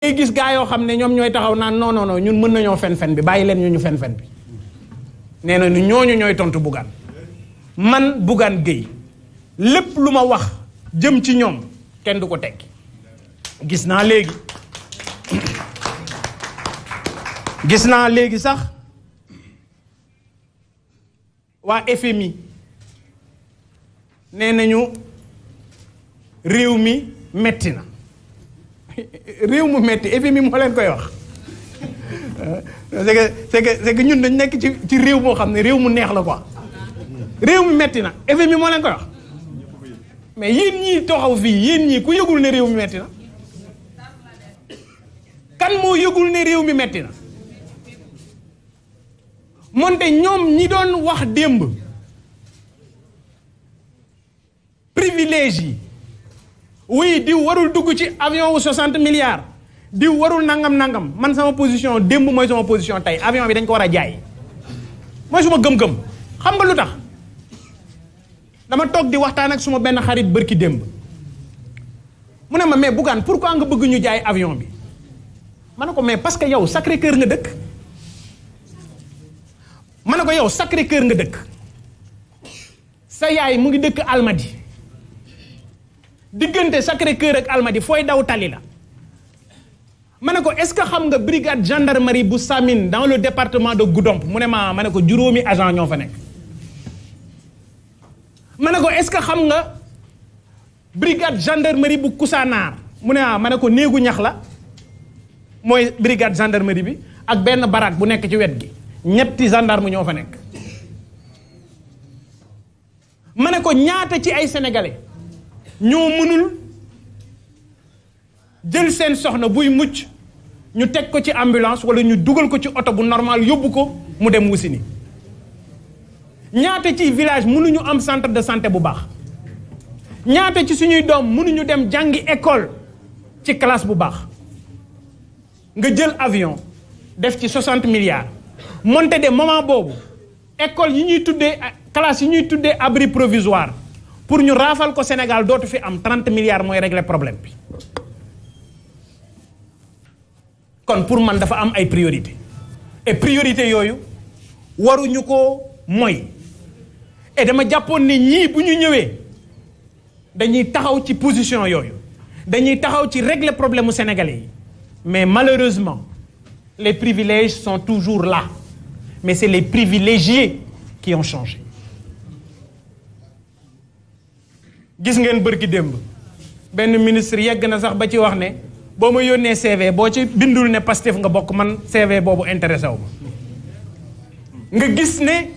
ngay gis gaa yoo xam ne ñoom ñooy taxaw naan non ñun mën nañoo fen-fen bi bàyyi leen ñu ñu fen bi nee na ñooñu ñooy tontu Bougane man Bougane Gueye lépp lu ma wax jëm ci ñoom kenn du ko tekki gis naa léegi gis naa léegi sax waa FMI nee nañu réew mi metti na réew mu metti FMI moo leen koy wax euh, c'est que c'est ñun dañ nekk ci ci réew boo xam ne réew mu neex la quoi réew mu metti na FMI moo leen koy wax mais yéen ñii toxaw fii yéen ñii ku yëgul ne réew mi metti na kan moo yëgul ne réew mi metti na moonte ñoom ñi doon wax démb privilège yi oui diw warul dugg ci avion wu 60 milliards diw warul nangam nangam man sama position demb moy sama position tay avion bi dañ ko wara a jaay moy suma gëm-gëm xam nga lutax dama tok di waxtaan ak suma ben xarit barki demb mune ma mais bugan pourquoi nga bëgg ñu jaay avion bi ma ko mais parce que yow sacré cœur nga dëkk ma ko yow sacré cœur nga dëkk sa yaay mu ngi dëkk almadi diggante Sacré Cœur ak Almadi fooy daw tali la ma ne ko est-ce que xam nga brigade gendarmerie bu Samine dans le département de Goudomp mu ne ma ma ko juróomi agent ñoo fa nekk ma ne ko est-ce que xam nga brigade gendarmerie bu Kousanaar mu ne ah, ma ne ko néegu ñax la mooy brigade gendarmerie bi ak benn baraak bu nekk ci wet gi ñetti gendarme ñoo fa nekk ma ne ko ñaata ci ay sénégalais ñoo mënul jël seen soxna buy mucc ñu teg ko ci ambulance wala ñu dugal ko ci oto bu normal yóbbu ko mu dem Wusini ñaata ci village mënuñu am centre de santé bu baax ñaata ci suñuy doom munuñu dem jàngi école ci classe bu baax nga jël avion def ci 60 milliards monte de moment boobu école yi ñuy tuddee classe yi ñuy tuddee abri provisoire pour ñu rafal ko Sénégal dootu fi am 30 milliards pour régler problème bi kon pour man dafa am ay priorité et priorité yooyu waruñu ko moy et dama jàppoon ni ñii bu ñu ñëwee dañuy taxaw ci position yooyu dañuy taxaw ci régler problème au sénégalais mais malheureusement les privilèges sont toujours là mais c'est les privilégiés qui ont changé gis ngeen bërki démb benn ministre yegg na sax ba ci wax ne boo ma yónnee CV boo ci bindul ne Pastef nga bokk man CV boobu intéressé wu ma nga gis ne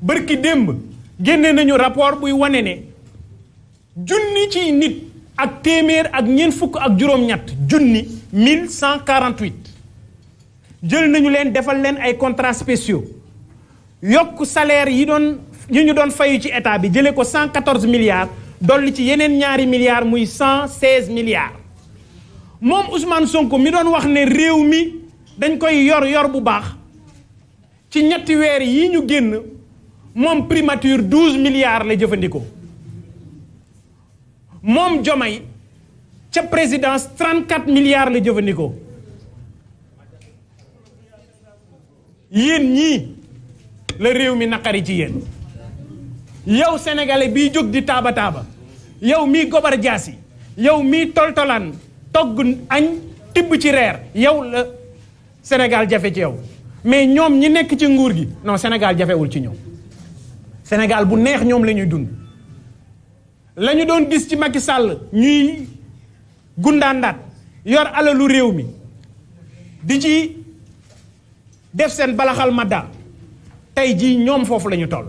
bërki démb génne nañu rapport buy wane ne junni ci nit ak téeméer ak ñeent fukk ak juróom-ñett junni 1148 jël nañu leen defal leen ay contrat spéciaux yokk salaire yi doon ñu ñu doon fayu ci état bi jële ko 114 milliards dolli ci yeneen ñaari milliards muy 116 milliards moom Ousmane Sonko mi doon wax ne réew mi dañ koy yor yor bu baax ci ñetti weer yi ñu génn moom primature 12 milliards la jëfandikoo moom Diomaye ca présidence 34 milliards la jëfandikoo yéen ñii la réew mi naqari ci yéen yow sénégalais biy jóg di taaba taaba yow mii gobar jaasi yow mii toltolaan togg añ tibb ci reer yow la Sénégal jafe ci yow mais ñoom ñi nekk ci nguur gi non senegal jafewul ci ñëw senegal bu neex ñoom la ñuy dund la ñu doon gis ci Macky Sall ñuy gundaandaat yor alalu réew mi di ci def seen balaxal madda tey jii ñoom foofu la ñu toll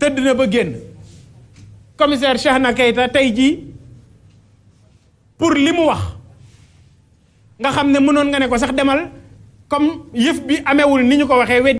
tëdd na ba génn commissaire na Keita tey jii pour li mu wax nga xam ne mënoon nga ne ko sax demal comme yëf bi amewul ni ñu ko waxee wedd